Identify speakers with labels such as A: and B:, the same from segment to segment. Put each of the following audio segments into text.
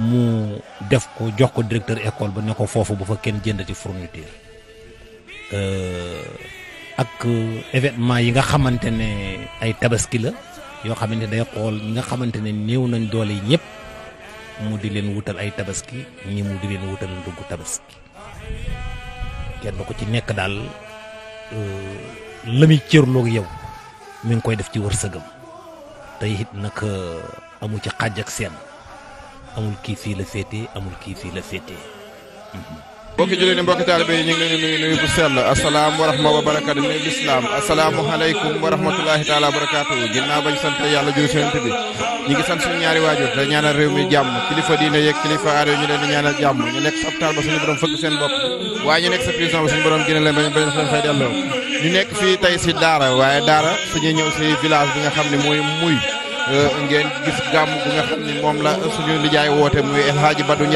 A: mu def ko jox ko directeur école ba ne ko foofu bu fa kenn jëndati fourniture euh, ak euh, événement yi nga xamante ne ay tabaski la yoo xamante ne ñi nga xamante ne néew nañ doole yi ñëpp mu di leen wutal ay tabaski ñi mu di leen wutal ndugg tabaski kenn ko ci nekk daal euh, la muy cërloog yow mi ngi koy def ci wërsëgam te it nag amu ci xàjj ak seen amul kii fii la féetee amul kii fii la féetee.
B: mbokki jullit yi mbokki taalibe yi ñu
C: ngi leen di nuyu nuyu bu sell asalaam wa rahma wa barakaatu nuyu lislaam asalaamualeykum wa rahmatulahi taala wa barakaatu ginnaaw bañ sant yàlla jur seen bi ñu ngi san suñu ñaari waajur te ñaanal réew mi jàmm kilifa diine yeeg kilifa aada ñu leen di ñaanal jàmm ñu nekk sa hôpital ba suñu borom fëgg seen bopp waaye ñu nekk sa prison ba suñu borom génne leen bañ bañ leen fay delloo ñu nekk fii tey si daara waaye daara suñuy ñëw si village bi nga xam ne mooy muy Euh, ngeen gis gàmm bi nga xam ne moom la suñu lijaay woote muy El Hadji Badou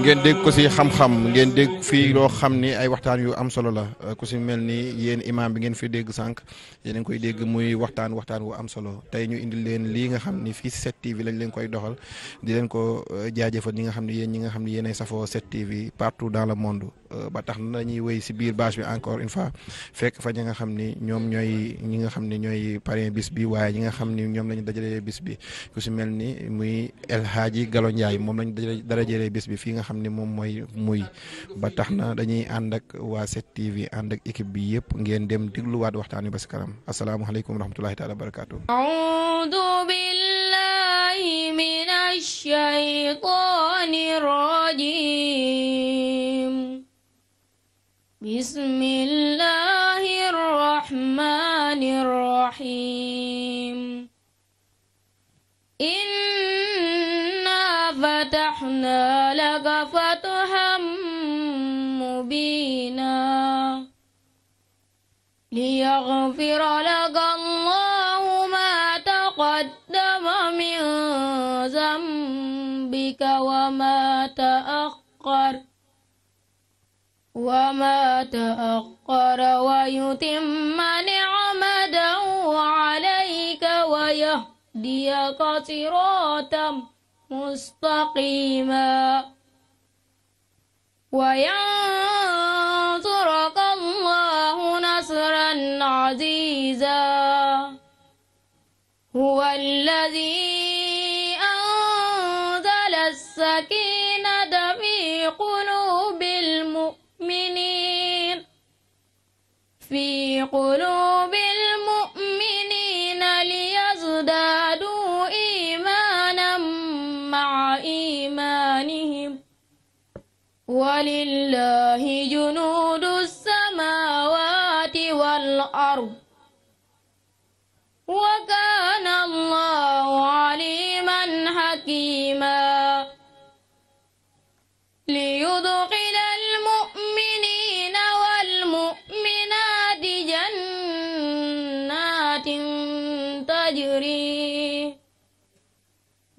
C: ngeen dégg ko si xam-xam ngeen dégg fii loo xam ni ay waxtaan yu am solo la euh, ku si mel nii yéen imam bi ngeen fi dégg sànq yéen koy dégg muy waxtaan waxtaan wu am solo tey ñu indil leen lii nga xam ni fii 7TV lañ leen koy doxal di leen ko euh, jaajëfal ñi nga xam ne yéen ñi nga xam ne yéenay safoo 7TV partout dans le monde. Euh, ba tax na ñuy wéy si biir bâche bi encore une fa fekk fa ñi nga xam ni ñoom ñooy ñi nga xam ne ñooy parrain bis bi waaye ñi nga xam ni ñoom la ñu dajalee bis bi ku si mel ni muy El Hadji Galo Ndiaye moom la ñu dajalee bis bi fii nga xam ni moom mooy muy ba tax na dañuy ànd ak waa set tv ànd ak équipe bi yëpp ngeen dem dégluwaat waxtaan wi ba si kanam asalaamualeykum wa rahmatulahi taala wa barakaatu.
D: بسم الله الرحمن الرحيم إنا فتحنا لك فتحا مبينا ليغفر لك الله ما تقدم من ذنبك وما تأخر وما تأخر ويتم نعمته عليك ويهديك صراطا مستقيما وينصرك الله نصرا عزيزا هو الذي في قلوب المؤمنين ليزدادوا إيمانا مع إيمانهم ولله جنود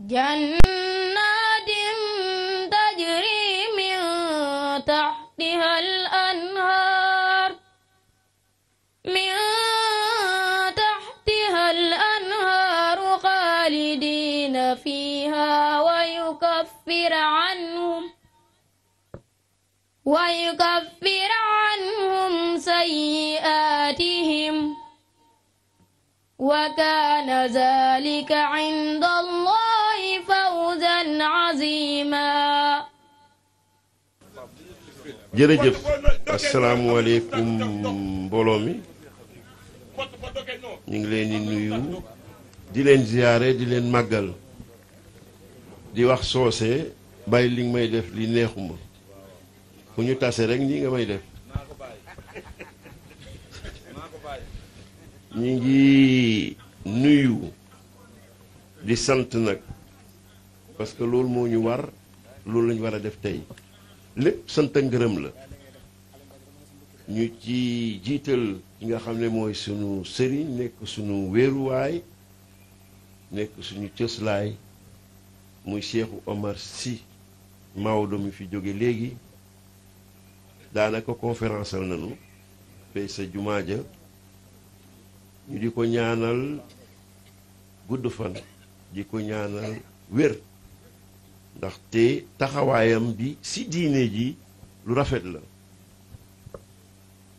D: جنات تجري من تحتها الأنهار من تحتها الأنهار خالدين فيها ويكفر عنهم ويكفر عنهم سيئاتهم وكان ذلك عند الله عظيما
E: jërëjëf asalaamualeykum mbooloo mi ñu ngi leen di nuyu di leen ziyaare di leen màggal di wax soose bàyyi li nga may def li neexuma fu ñu tase rek ñi nga may def ñu ngi nuyu di sant nag parce que loolu moo ñu war loolu la ñu war a def tey lépp sant ngërëm la ñu ci jiital ki nga xam ne mooy sunu sëriñ nekk sunu wéeruwaay nekk suñu cëslaay muy Cheikhu Omar si Maodo mi fi jóge léegi daanaka conférence al nañu sa jumaa ja ñu di ko ñaanal gudd fan di ko ñaanal wér ndaxte taxawaayam bi si diine ji lu rafet la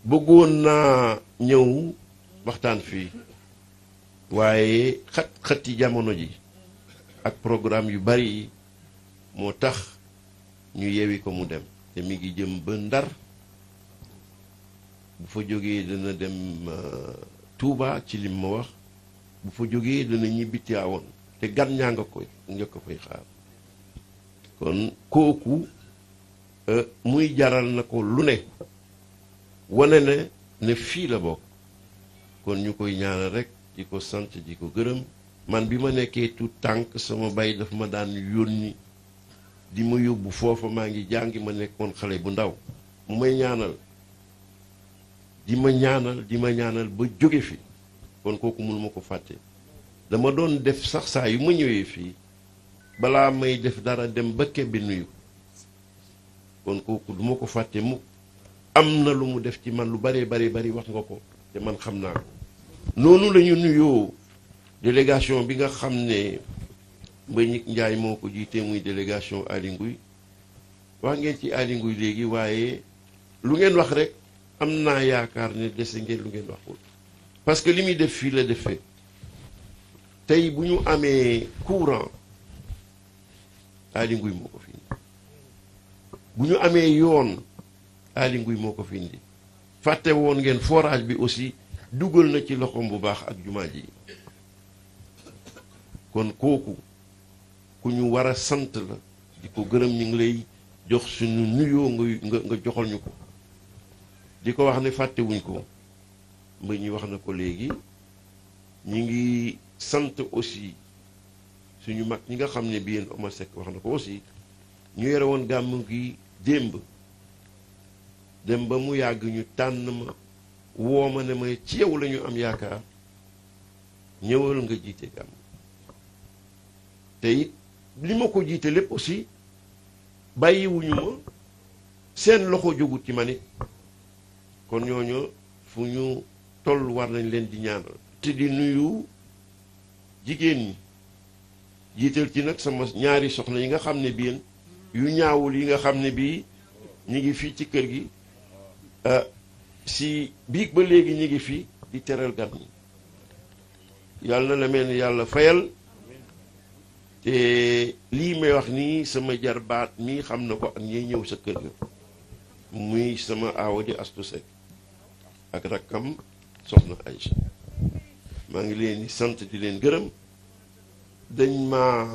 E: bëggoon naa ñëw waxtaan fii waaye xat-xati jamono ji ak programme yu bari yi moo tax ñu yewi ko mu dem te mi ngi jëm ba Ndar bu fa jógee dana dem euh, Touba ci lim ma wax bu fa jógee dana ñibbi Tiwaawan te gan ñaa nga koy njëkk koy xaar kon kooku euh, muy jaral na ko lu ne wane ne ne fii la bokk kon ñu koy ñaanal rekk di ko sant di ko gërëm man bi ma nekkee tout tànk sama bay dafa ma daan yónni di ma yóbbu foofa maa ngi jàngi ma nekkoon xale bu ndaw mu may ñaanal di ma ñaanal di ma ñaanal ba jóge fi kon kooku mënuma ko fàtte dama doon def sax saa yu ma ñëwee fii balaa may def dara dem bëkke bi nuyu kon kooku duma ko fàtte mukk am na lu mu def ci man lu bëree bari bari wax nga ko te man xam naa ko noonu la ñu nuyoo délégation bi nga xam ne Mbagnick njaay moo ko jiite muy délégation Aly Ngouille wax ngeen ci Aly Ngouille léegi waaye lu ngeen wax rek am naa yaakaar ne dese ngeen lu ngeen waxul parce que li muy def fii la defee tey bu ñu amee courant Aly Ngouille moo ko fi indi bu ñu amee yoon alinguy moo ko fi indi fàtte woon ngeen forage bi aussi dugal na ci loxoom bu baax ak jumaa yi kon kooku ku ñu war a sant la di ko gërëm ñu ngi lay jox suñu nuyoo nga nga joxal ñu ko di ko wax ne fàttewuñ ko mbay ñi wax na ko léegi ñu ngi sant aussi suñu mag ñi nga xam ne bi yéen Omar Seck wax na ko aussi ñu yore woon gàmm gi démb dem ba mu yàgg ñu tànn ma woo ma ne ma ci yow la am yaakaar ñëwal nga jiite gàmm te it li ma ko jiite lépp aussi bàyyiwuñu ma seen loxo jógut ci man it kon ñooñu fu ñu toll war nañ leen di ñaanal te di nuyu jigéen ñi jiital ci nag sama ñaari soxna yi nga xam ne bii yu ñaawul yi nga xam ne bii ñu ngi fii ci kër gi euh, si biig ba léegi ñu ngi fii di teral gan yi yàlla na la mel ni yàlla fayal te lii may wax nii sama jarbaat mii xam na ko ak ñiy ñëw sa kër ga muy sama aawa di Astou ak rakkam soxna Aïcha maa ngi leen sant di leen gërëm dañ maa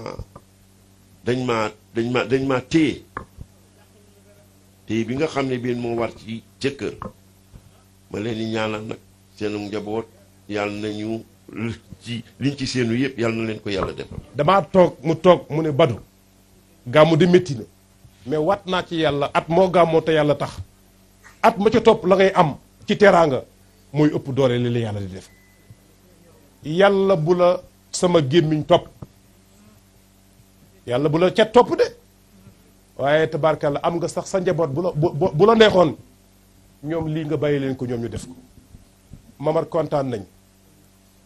E: dañ maa dañ ma dañ maa téye téye bi nga xam ne bii moo war ci jëkkër ma leen di ñaanal nag seenu njaboot yàlla nañu ci liñ ci seenu yëpp yàlla na leen ko yàlla dem
A: damaa toog mu toog mu ne Badou gàmmu di métti na mais wat naa ci yàlla at moo gàmmoo te yàlla tax at ma ca topp la ngay am ci teraanga mooy ëpp doole li la yàlla di def yàlla bu la sama gémmiñ topp yàlla bu la ca topp de waaye la am nga sax sa njaboot bu la bu la neexoon ñoom lii nga bàyyi leen ko ñoom ñu def ko mamar kontaan nañ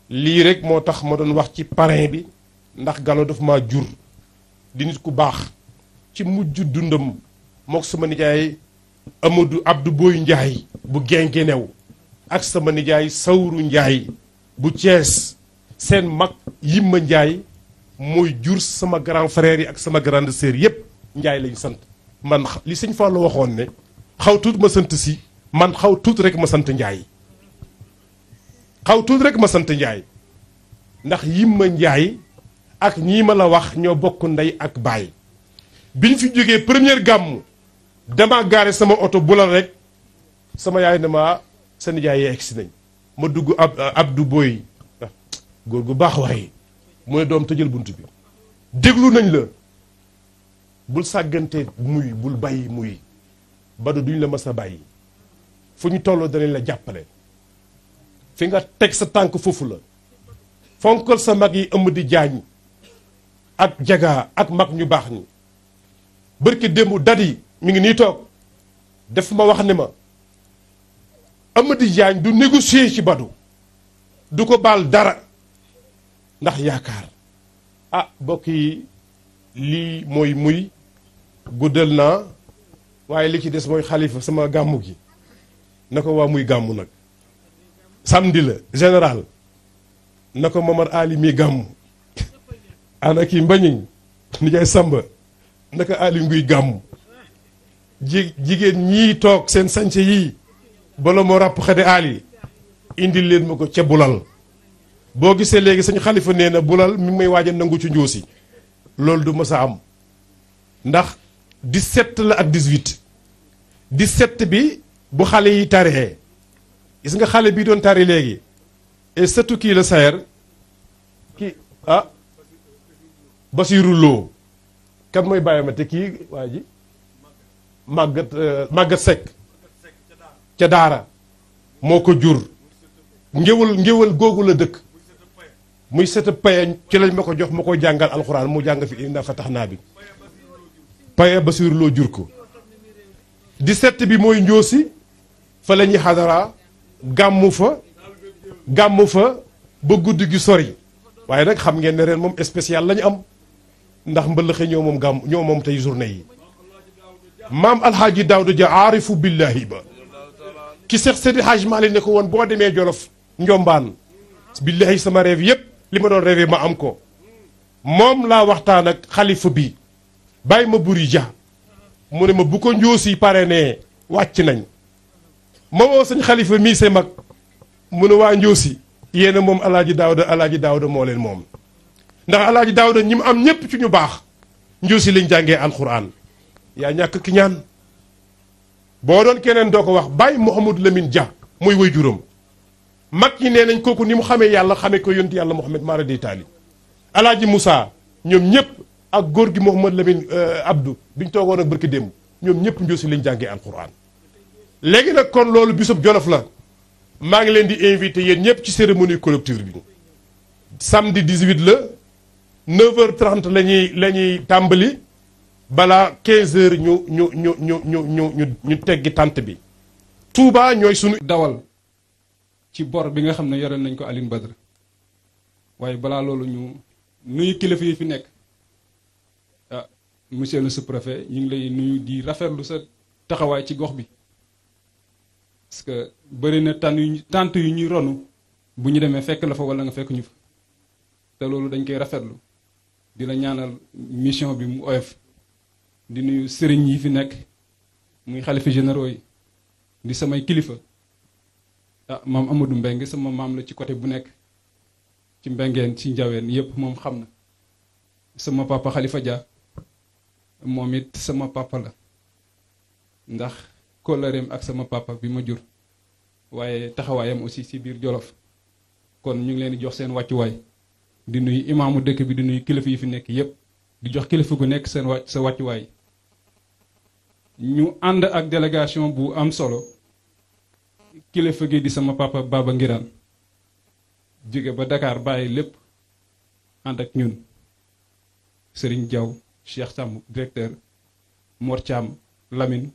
A: lii rek moo tax ma doon wax ci parrain bi ndax galo daf ma jur di nit ku baax ci mujj dundam mook sama nijaay Amadou Abdou Boy Ndiaye bu new ak sama nijaay Sawru njaay bu cees seen mag Yimma njaay mooy jur sama grand frère yi ak sama grande sœur yëpp Ndiaye lañ sant man li sëñ Fallou waxoon ne xaw tuut ma sant si man xaw tuut rek ma sant Ndiaye xaw rek ma sant Ndiaye ndax Yimma njaay ak ñii ma la wax ñoo bokk ndey ak baay biñ fi jógee première gàmmu dama gaare sama oto bulal rek sama yaay ne ma seen yaay yegsi nañ ma dugg ab du Boy ah, góor gu baax waaye mu ne doom tëjal bunt bi déglu nañ la bul sàggante muy bul bàyyi muy badu duñ la mës a bàyyi fu ñu tolloo danañ la jàppale fi nga teg sa tànk foofu la fonkal sa mag yi ëmb di jaañ ak jaga ak mag ñu baax ñi bërki démb dat yi mi ngi nii toog def ma wax ne ma Amady jaañ du négocier ci Badou du ko baal dara ndax yaakaar ah mbokk yi lii mooy muy guddal naa waaye li ci des mooy xalifa sama gàmmu gi na ko waa muy gàmmu nag samedi la général na ko Momar Ali mi gàmmu ana kii mbañiñ nijaay samba naka Ali nguy gàmmu ji jigéen ñii toog seen sañse yii bala moo ràpp xade Ali indil leen ma ko ca bulal boo gisee léegi sañ xalifa nee na bulal mu may waaja a nangu ci njuusi loolu du mës am ndax di 17 la ak di 17 bi bu xale yi taree gis nga xale bii doon tari léegi et surtout kii la sayer kii ah Basiru Loo kan mooy bàyyi ma te kii waa ji màggat euh, màggat Seck ca daara moo ko jur ngéwal ngéwal googu la dëkk muy set paye ci lañ ma ko jox ma koy jàngal alxuraan mu jàng fi inna fatax naa bi paye Basiir loo jur ko dix-sept bi mooy njoosi fa la ñuy xadara gàmmu fa gàmmu fa ba guddi gi sori waaye nag xam ngeen ne ren moom spécial lañu am ndax mbëllëxe ñoo moom gàmm ñoo moom tey journée yi maam alxaaji daawda ja aarifu billahi ba ki seex seydi xaaj maalik ne ko woon boo demee jolof njombaan billahi sama réew yépp li ma doon rêvé ma am ko moom laa waxtaan ak xalifa bi bàyyi ma buri ja mu ne ma bu ko njóosi pare ne wàcc nañ ma woo sëñ xalifa mii see mag mu ne waa njóosi yéena moom alaaji daawda alaaji daawda moo leen moom ndax alaaji daawda ñi mu am ñépp ci ñu baax njóosi lañ jàngee alxuraan yaa ñàkk ki ñaan boo doon keneen doo ko wax bàyyi Mouhamadou Lamine Dia muy way juróom mag ñi nee nañ kooku ni mu xamee yàlla xamee ko yonti yàlla Mouhamed Mara di Taali alaaji Moussa ñoom ñëpp ak góor gi Mouhamad Lamine euh, Abdou bi ñu toogoon ak barki démb ñoom ñëpp njoosi lañ jàngee alquran léegi nag kon loolu bisub jolof la maa ngi leen di invité yéen ñëpp ci cérémonie collective bi samedi 18 la 9 h la ñuy la ñuy tàmbali balaa quinze h ñu ñu ñu ñu ñu ñu ñu teggi tànt bi. Touba ñooy sunu
B: dawal. ci bor bi nga xam ne yore nañ ko Alioune Badara waaye balaa loolu ñu nuyu kilifa yi fi nekk ah monsieur le sous-préfet ñu ngi lay nuyu di rafetlu sa taxawaay ci gox bi parce que bëri na tànn yu tant yu ñuy ronu bu ñu demee fekk la fa wala nga fekk ñu fa te loolu dañ koy rafetlu di la ñaanal mission bi mu oyof di nuyu sëriñ yi fi nekk muy xalifa généraux yi di samay kilifa. ah maam Amadou Mbengue sama maam la ci côté bu nekk ci mbengeen ci njaween yépp moom xam na sama papa Khalifa Dia moom it sama papa la ndax kóllëreem ak sama papa bi ma jur waaye taxawaayam aussi si biir Jolof kon ñu ngi leen di jox seen wàccuwaay di nuy imaamu dëkk bi di nuy kilifa yi fi nekk yépp di jox kilifa gu nekk seen wàcc sa wàccuwaay ñu ànd ak délégation bu am solo kilifa gi di sama papa Baba Ngiraan jóge ba Dakar bàyyi lépp ànd ak ñun sëriñ Diaw Cheikh Thiam directeur Mor Thiam Lamine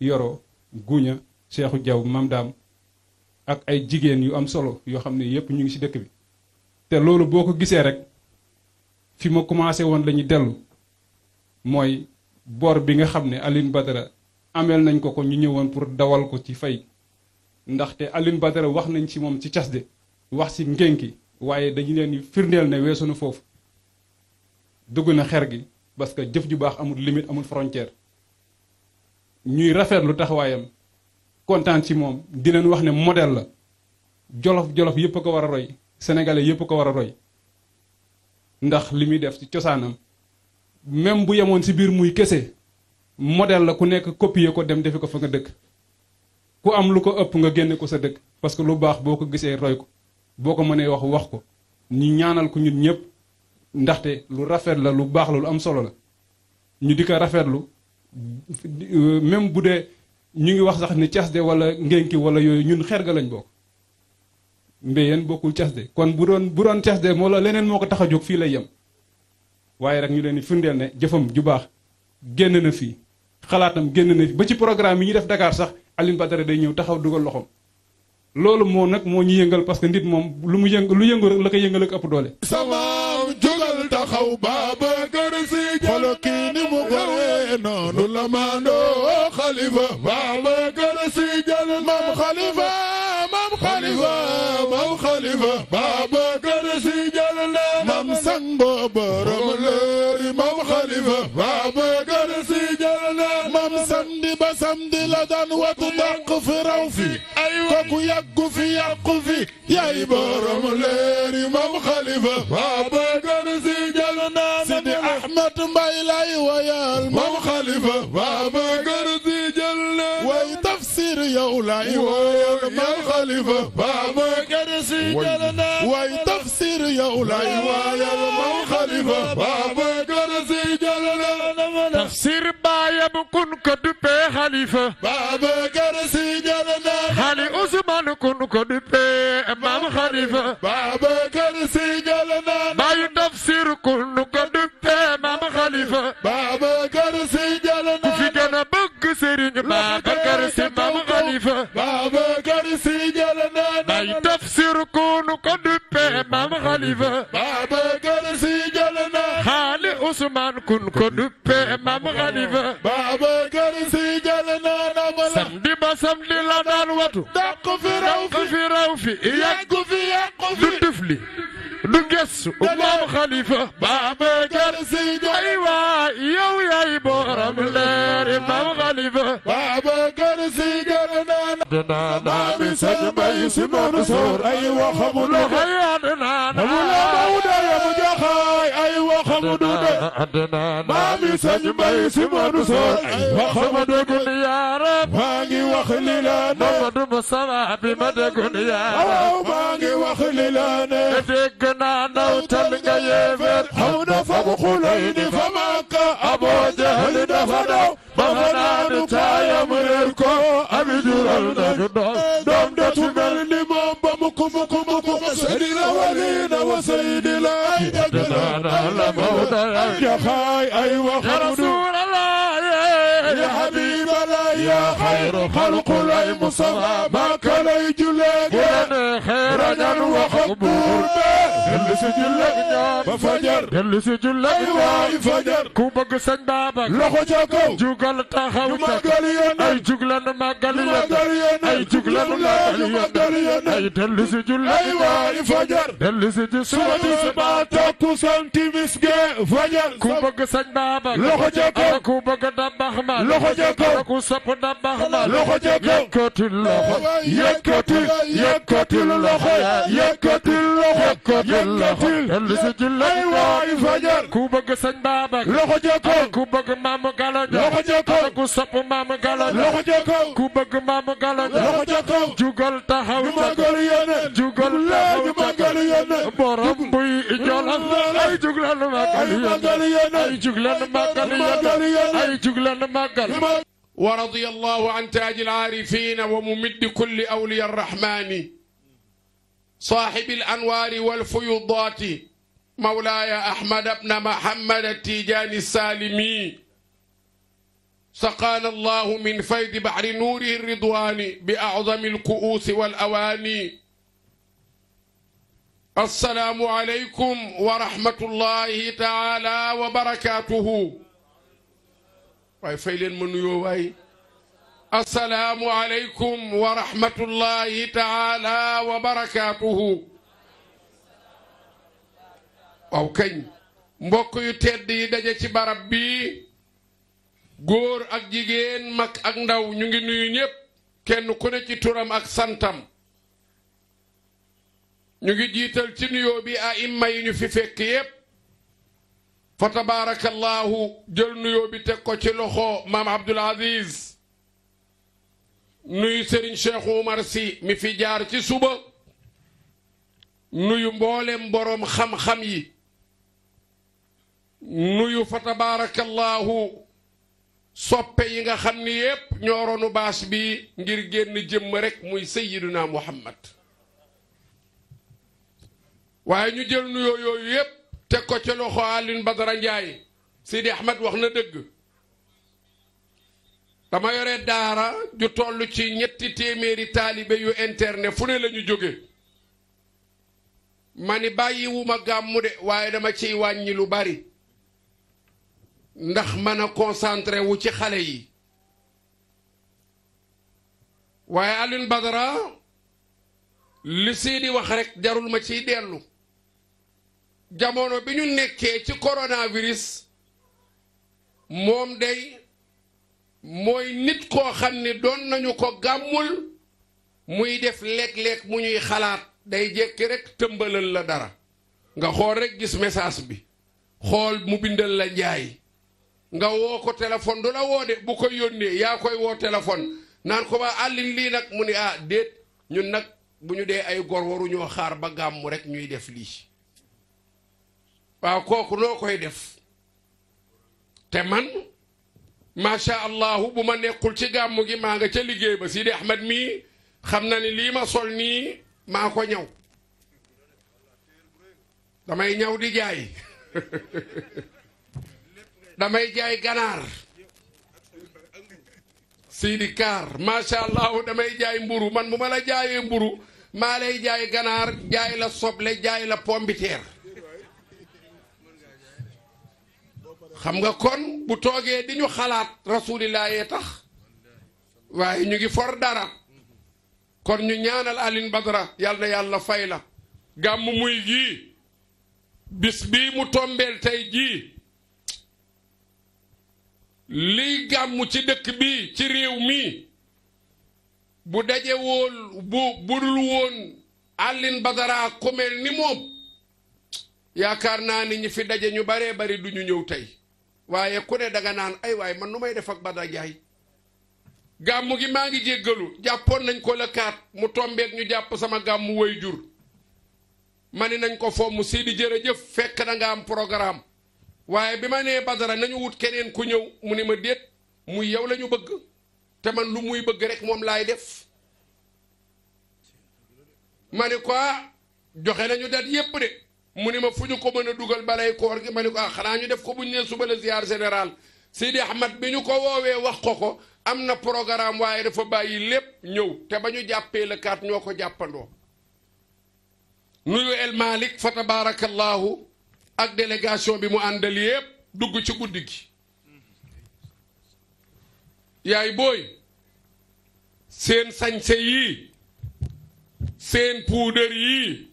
B: Yoro Guña Cheikhou Diaw Mam Daam ak ay jigéen yu am solo yoo xam ne yépp ñu ngi ci dëkk bi te loolu boo ko gisee rek fi ma commencé woon lañuy ñu dellu mooy bor bi nga xam ne Aline Badara ameel nañ ko ko ñu ñëwoon pour dawal ko ci fay ndaxte Alioune Badara wax nañ ci moom ci CASD wax ci ngénki waaye dañu leen di firndeel ne weesu na foofu dugg na xer gi parce que jëf ju baax amul limite amul frontière ñuy rafetlu taxawaayam kontaan ci moom di leen wax ne modèle la jolof jolof yëpp a ko war a roy sénégalais yëpp a ko war a roy ndax li muy def ci cosaanam même bu yemoon ci biir muy kese modèle la ku nekk copier ko dem defi ko fa nga dëkk. ku am lu ko ëpp nga génne ko sa dëkk parce que lu baax boo ko gisee roy ko boo ko mënee wax wax ko ñu ñaanal ko ñun ñëpp ndaxte lu rafet la lu baax la lu am solo la ñu di ko rafetlu même bu dee ñu ngi wax sax ni casde wala ngénki wala yooyu ñun xer ga lañ bokk mbé yéen bokkul casde kon bu doon bu doon casde moo la leneen moo ko tax a jóg fii lay yem waaye rek ñu leen di firndeel ne jëfam ju baax génn na fii xalaatam génn na ba ci programme yi ñu def Dakar sax Alioune Badara day ñëw taxaw dugal loxoom loolu moo nag moo ñu yëngal parce que nit moom lu mu yëng lu yëngu rek la ko yëngal ak ëpp doole. samaam
F: jógal taxaw Babacar Si xolo Si jël maam xalifa maam xalifa maam xalifa Babacar Si jël na sang boobu naan watu dàq fi raw fi ay waa boy doon si jël naa Sidi Ahmed Mbaye lay woyal mam xalifa waa مولاي يا مام خليفة بابا كرسي جلنا واي تفسير يا مولاي يا مام خليفة بابا كرسي جلنا تفسير بايا بكون كدبي خليفة بابا كرسي جلنا خالي عثمان كون كدبي مام خليفة بابا كرسي جلنا باي تفسير كون كدبي مام خليفة بابا كرسي جلنا في جنبك سيرين بابا كرسي xalifa Babacar Si jël na nay tafsir ku nu ko duppee maam xalifa Babacar Si jël na xaali Ousmane kun ko duppee maam xalifa Babacar Si jël na nama la samedi ba samedi la daan watu dàq fi raw fi fi raw fi yàgg fi yàgg fi du tufli du gëstu maam xalifa Babacar Si jël na yow yaay booram leer maam xalifa Babacar Si عدنا نامي سد ما يسمى نصور أي وخمود أي عدنا نامي مولود يا مجاخاي أي وخمود عدنا نامي سد ما يسمى نصور أي وخمود يا رب ماغي وخليلان محمد مصطفى بمدك يا رب ماغي وخليلان تكنا نوتل غيفر أو نفهم خلين فما كان aboo jahal dafa daw ba ma naanu taayam réer ko abi jural nañu doom doom dootu mel ni moom ba mukku mukku mukku sadila walina wa saydila ay dagg la ma wutaay ay waxam du yaa xayru xalqu lay musafa maa ka lay jullee gee rañan waxat buur bee dellu si jullee ñaan ba fajar dellu si jullee waay fajar ku bëgg sëñ Baaba loxo ca kaw jugal taxaw ca ay juglan màggal yéen لا تدري أي تلسج الأيوة فجر تلسج سوى ما تكو سنتي مسجي فجر كوبك سنبابا لوخو جاكو كوبك دمبخما لوخو جاكو كو سبو دمبخما لوخو جاكو يكتل لوخو يكتل يكتل لوخو يكتل لوخو يكتل تلسج الأيوة فجر كوبك سنبابا لوخو جاكو كوبك مامو غالو ku sopp maam galan loxo jokkoo ku bëgg maam galan loxo jokkoo jugal taxaw ca góor yéene jugal taxaw ca góor yéene borom buy jolaf
G: ay jugleen màggal yéene ay jugleen màggal yéene ay jugleen màggal wa radiya allahu an taaj al-aarifin wa mumiddi kulli awliya arrahmani saaxibi al-anwaari wal-fuyudaati mawlaaya ahmad ibn muhammad at-tijaani as-saalimi سقانا الله من فيض بحر نوره الرضوان بأعظم الكؤوس والأواني السلام عليكم ورحمة الله تعالى وبركاته واي فايلين ما نيو واي السلام عليكم ورحمة الله تعالى وبركاته واو كاñ mbokk yu tedd yi daje ci barab bi góor ak jigéen mag ak ndaw ñu ngi nuyu ñépp kenn ku ne ci turam ak santam ñu ngi jiital ci nuyoo bi a imma yi ñu fi fekk yépp fa tabaarakallaahu jël nuyoo bi teg ci loxo maam Abdul Aziz nuyu Serigne Cheikh Oumar Sy mi fi jaar ci suba nuyu mboolem boroom xam-xam yi nuyu fa tabaarakallaahu soppe yi nga xam ni yépp ñooroonu baas bi ngir génn jëmm rekk muy sayyiduna muhammad waaye ñu jël nuyoo yooyu yépp teg ko ca loxo Alioune Badara Ndiaye Sidi Ahmed wax na dëgg dama yore daara ju toll ci ñetti téeméeri taalibe yu internet fu ne la ñu jóge ma ni bàyyiwuma gàmmu de waaye dama ciy wàññi lu bari ndax mën a concentré wu ci xale yi waaye Alioune Badara li Sidi wax rekk jarul ma ciy dellu jamono bi ñu nekkee ci coronavirus moom day mooy nit koo xam ne doon nañu ko gàmmul muy def léeg-léeg mu ñuy xalaat day jékki rekk tëmbalal la dara nga xool rekk gis message bi xool mu bindal la njaay nga woo ko téléphone du la woo de bu ko yónnee yaa koy woo téléphone naan ko ba àllin lii nag mu ni ah déet ñun nag bu ñu dee ay gor waruñoo xaar ba gàmmu rek ñuy def lii waaw kooku noo koy def te man macha allahu bu ma nekkul ci gàmmu gi maa nga ca liggéey ba Sidi Ahmed mii xam na ni lii ma sol nii maa ko ñaw damay ñaw di jaay damay jaay ganaar Sidi Kaar macha damay jaay mburu man bu ma la jaayee mburu maa lay jaay ganaar jaay la soble jaay la pombiteer xam nga kon bu toogee di ñu xalaat rasulillah tax waaye ñu ngi for dara kon ñu ñaanal Alioune Badara yàlla na yàlla fay la gàmm muy gii bis mu tombeel tey jii liy gàmm ci dëkk bi ci réew mi bu daje woon bu budul woon Alioune Badara ku ni moom yaakaar naa ni ñi fi daje ñu baree bari du ñu ñëw tey waaye ku ne danga naan ay waay man nu may def ak Badara Ndiaye gàmmu gi maa ngi jéggalu jàppoon nañ ko la kaat mu tombeek ñu jàpp sama gàmmu way jur ma ni nañ ko fomm si di jërëjëf fekk na nga am programme waaye bi ma nee Badara nañu wut keneen ku ñëw mu ne ma déet muy yow lañu bëgg te man lu muy bëgg rek moom laay def ma ne ko joxe nañu dat yépp de mu ne ma fu ñu ko mën a dugal balay koor gi ma ne ah, xanaa ñu def ko bu ñu nee suba la ziar général Sidi Ahmed bi ñu ko woowee wax ko ko am na programme waaye dafa bàyyi lépp ñëw te ba ñu jàppee la kaat ñoo ko jàppandoo nuyu El Malick fa tabaarakallaahu ak délégation bi mu àndal yépp dugg ci guddi gi yaay booy seen sañse yii seen puudar yii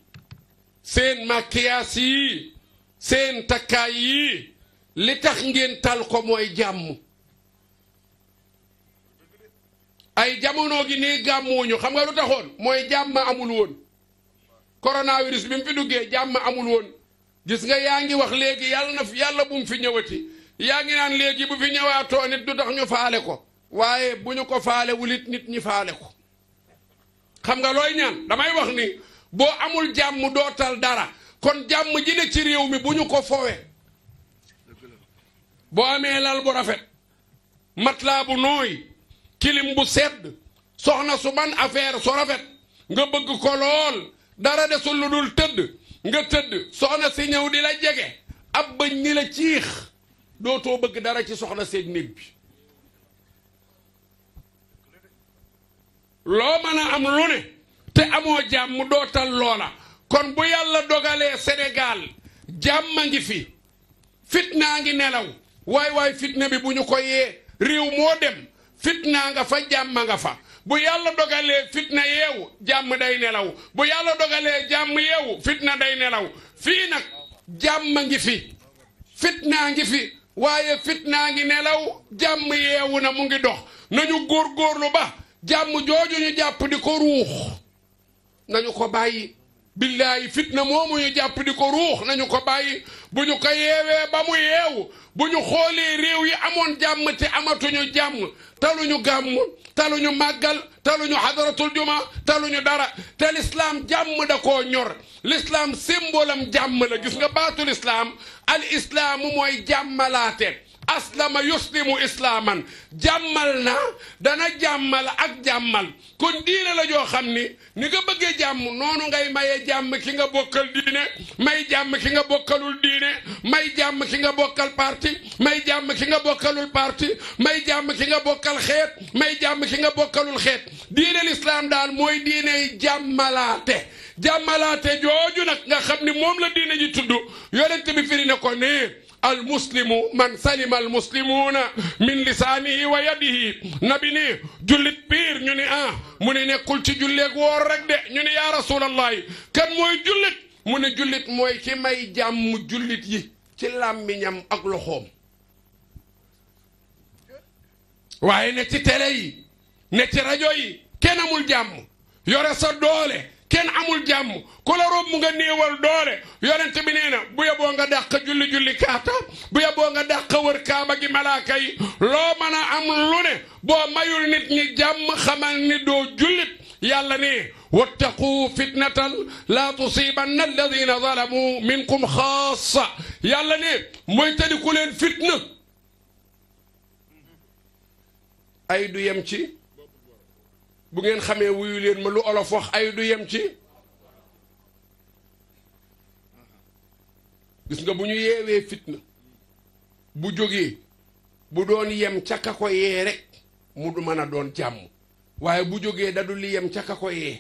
G: seen maquillage yii seen takkaay yii li tax ngeen tal ko mooy jàmm ay jamono gi nii gàmmuñu xam nga lu taxoon mooy jàmm amul woon coronavirus bi mu fi duggee jàmm amul woon gis nga yaa ngi wax léegi yàlla na yàlla bu mu fi ñëwati yaa ngi naan léegi bu fi ñëwaatoo nit du tax ñu faale ko waaye bu ñu ko faale wulit nit ñu faale ko xam nga looy ñaan damay wax ni boo amul jàmm dootal dara kon jàmm ji ne ci réew mi bu ñu ko fowe boo amee lal bu rafet matelas bu nooy kilim bu sedd soxna su man affaire su rafet nga bëgg ko lool dara desul lu dul tëdd nga tëdd soxna si ñëw di la jege ab bëñ ni la ciix dootoo bëgg dara ci soxna seen néeg bi loo mën a am lu ne te amoo jàmm dootal loola kon bu yàlla dogalee senegaal jàmm ngi fi fitnaa ngi nelaw waay waay fitna bi bu ñu ko yee réew moo dem fitnaa nga fa jàmm nga fa bu yàlla dogalee fitna yeewu jàmm day nelaw bu yàlla dogalee jàmm yeewu fitna day nelaw fii nag jàmm ngi fi fitnaa ngi fi waaye fitnaa ngi nelaw jàmm yeewu na mu ngi dox nañu góorgóorlu ba jàmm jooju ñu jàpp di ko ruux nañu ko bàyyi billaahi fitna moomu ñu jàpp di ko ruux nañu ko bàyyi bu ñu ko yeewee ba mu yeew bu ñu xoolee réew yi amoon jàmm te amatuñu jàmm taluñu gàmm taluñu màggal taluñu xadaratul juma taluñu dara te lislaam jàmm da koo ñor lislaam symbolam jàmm la gis nga baatul islaam al islaamu mooy jàmmalaate aslama yuslimu islaaman jàmmal na dana jàmmal ak jàmmal kon diine la joo xam ni ni nga bëggee jàmm noonu ngay maye jàmm ki nga bokkal diine may jàmm ki nga bokkalul diine may jàmm ki nga bokkal parti may jàmm ki nga bokkalul parti may jàmm ki nga bokkal xeet may jàmm ki nga bokkalul xeet diine lislaam daal mooy diiney jàmmalaate jàmmalaate jooju nag nga xam ni moom la diine ji tudd yonent bi firi ne ko nii almuslimu man salima almuslimuuna min lisaanihi wa yadihi nabi ni jullit biir ñu ni ah mu ni nekkul ci julleeg woor rek de ñu ni yaa rasulallahi kan mooy jullit mu ne jullit mooy ki may jàmm jullit yi ci làmmiñam ak loxoom waaye ne ci télé yi ci rajo yi kenn amul jàmm yore sa doole kenn amul jàmm ku la rob mu nga néewal doole yonent bi nee na bu yeboo nga dàq julli julli kaata bu yeboo nga dàq wër kaaba gi malaaka loo mën a am lu ne boo mayul nit ñi jàmm xamal ni doo jullit yàlla ne wattaqu fitnatan laa tusibanna alladina zalamu minkum xaasa yàlla ku leen fitna ay du yem bu ngeen xamee wuyu leen ma lu olof wax ay du yem ci gis nga bu ñu yeewee fitna bu jógee bu doon yem ca ka ko yee rek mu mën a doon jàmm waaye bu jógee da du yem ca ka ko yee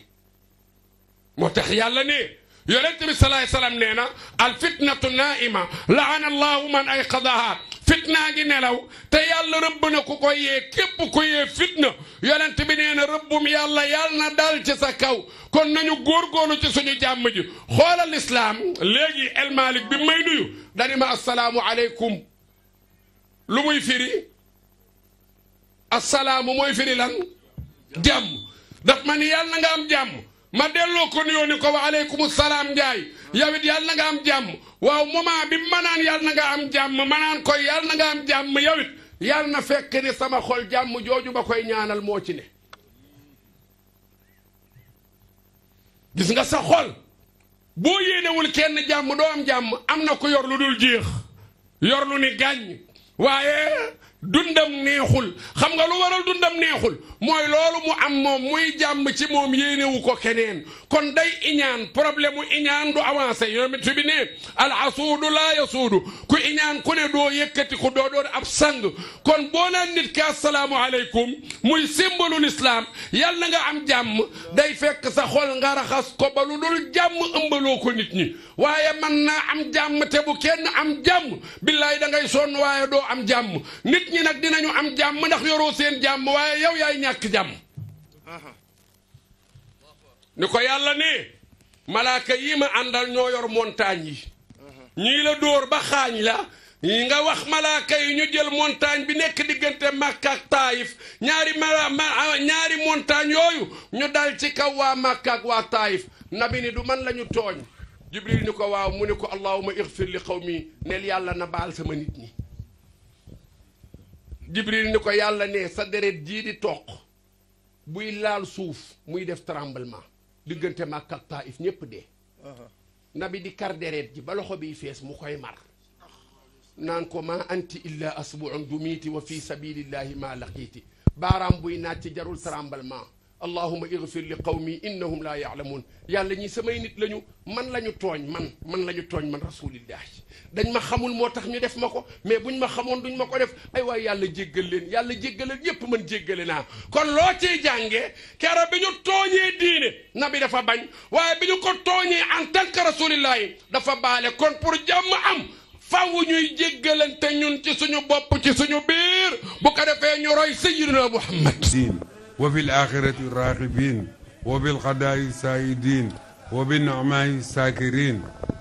G: moo tax yàlla ne yonent bi salaay salaam nee na al fitnatu naaima laana allahu man ay xadaha fitnaa ngi nelaw te yàlla rëbb na ku ko yee képp ku yee fitna yonent bi nee na rëbbum yàlla yàlla na dal ci sa kaw kon nañu góorgóorlu ci suñu jàmm ji xoolal islaam léegi El Malick bi may nuyu dani ma asalaamu aleykum lu muy firi asalaamu lan jàmm daf ma ni yàlla na nga am jàmm ma delloo ko nuyoo ni ko wa aleykum salaam Ndiaye yow it yàlla na nga am jàmm waaw moment bi ma naan yàlla na nga am jàmm ma naan koy yàlla na nga am jàmm yow it na fekk ni sama xol jàmm jooju koy ñaanal moo ci ne. gis nga sa xol boo yéenewul kenn jàmm doo am jàmm am na ku yor lu dul jeex yor lu ni gàññ waaye dundam neexul xam nga lu waral dundam neexul mooy loolu mu am moom muy jàmm ci moom yéenewu ko keneen kon day iñaan problème mu iñaan du avancé yonent bi ne al asuudu laa yasuudu ku iñaan ku ne doo yëkkati ku doo ab sang kon boo naan nit ki asalaamu aleykum muy simbalu lislaam yal na nga am jàmm day fekk sa xol nga raxas ko dul jàmm ëmbaloo ko nit ñi waaye man naa am jàmm te kenn am jàmm billaay da ngay sonn waaye doo am jàmm nit ñi nag dinañu am jàmm ndax yoroo seen jàmm waaye yow yaay ñàkk jàmm ni ko yàlla ne malaaka yi ma àndal ñoo yor montagne yi ñii la dóor ba xaañ la yi nga wax malaaka yi ñu jël montagne bi nekk diggante Makka ak ñaari mala ñaari montagne yooyu ñu dal ci kaw waa Makka ak waa Taayif nabi ni du man lañu tooñ Jibril ni ko waaw mu ni ko allahuma igfir li xaw qawmi nel yàlla na baal sama nit ñi Jibril ni ko yàlla ne sa deret jii di toq buy laal suuf muy def tremblement diggante Makka ak Taayif ñépp dee nabi di kar deret ji ba loxo biy fees mu koy mar naan ko maa anti illa asbuun dumiiti wa fi sabilillahi ma laqiiti baaraam buy naaj ci jarul tremblement allahuma igfir li qawmi innahum la yaalamuun yàlla ñi samay nit lañu man la ñu tooñ man man la tooñ man rasulillah dañ ma xamul moo tax ñu def ma ko mais buñ ma xamoon duñ ma ko def ay waay yàlla jéggal leen yàlla jéggaleen yépp man jéggale naa kon loo ciy jàngee kero bi ñu tooñee diine nabi dafa bañ waaye bi ñu ko tooñee en tant que rasulillah dafa baale kon pour jàmm am faaw ñuy jéggalante ñun ci suñu bopp ci suñu biir bu ko defee ñu roy sayyidina Muhammad
H: wa fil axirati raaxibiin wa bil xadaayi saayidiin wa bin nicmaayi saakiriin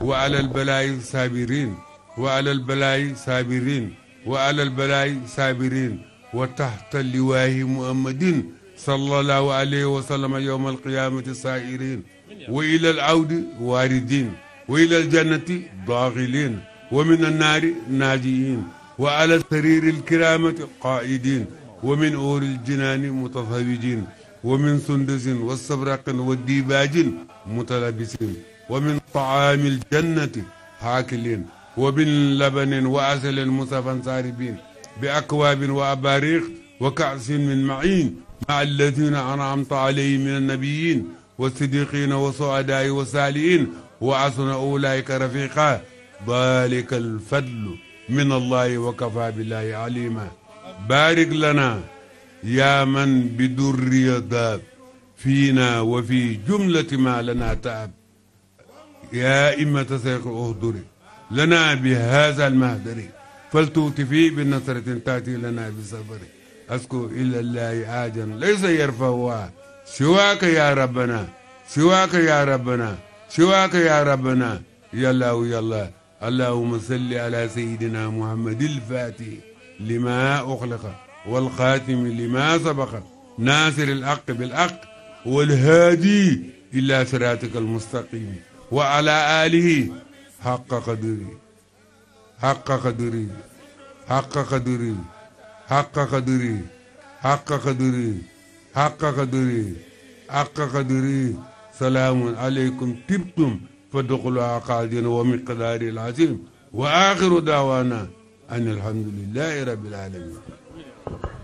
H: wa alal balaayi saabiriin wa alal balaayi saabiriin wa alal balaayi saabiriin wa taxta liwaahi muhammadin sallallahu alayhi wa sallam yowma alqiyaamati saairin wa ila al awdi waaridin wa ila al jannati daaxilin wa min annaari naajiin wa ala sariri alkiramati qaa'idin wa min uuri aljinaani mutazawwijin wa min sundusin wa sabraqin wa dibaajin mutalabisin wa min taami aljannati haakilin wa min labanin wa asalin musafan saaribin bi akwaabin wa abaariix wa ka'sin min ma'iin ma'a alladiina an'amta alayhim mina annabiyyiin wa siddiqiina wa suhadaa'i wa saalihiin wa hasuna ulaa'ika rafiiqaa ذلك الفضل من الله وكفى بالله عليما بارك لنا يا من بدر ضاب فينا وفي جملة ما لنا تعب يا إمة سيق أهدري لنا بهذا المهدر فلتوت فيه بنصرة تأتي لنا بسفر أسكو إلى الله عاجا ليس يرفعها سواك يا ربنا سواك يا ربنا سواك يا ربنا يا الله يا الله allahuma salli ala sayidina muhammadil faatihi lima uxliqa walxaatimi lima sabaqa naasiri l aq bil aq walhaadi ila siraatika almustaqimi wa ala alihi xaqa qadri xaqa qadri xaqa qadri xaqa qadri xaqa qadri xaqa qadri xaqa qadri salaamun aleykum tibtum فادخلوها خالدين ومقدار العظيم وآخر دعوانا أن الحمد لله رب العالمين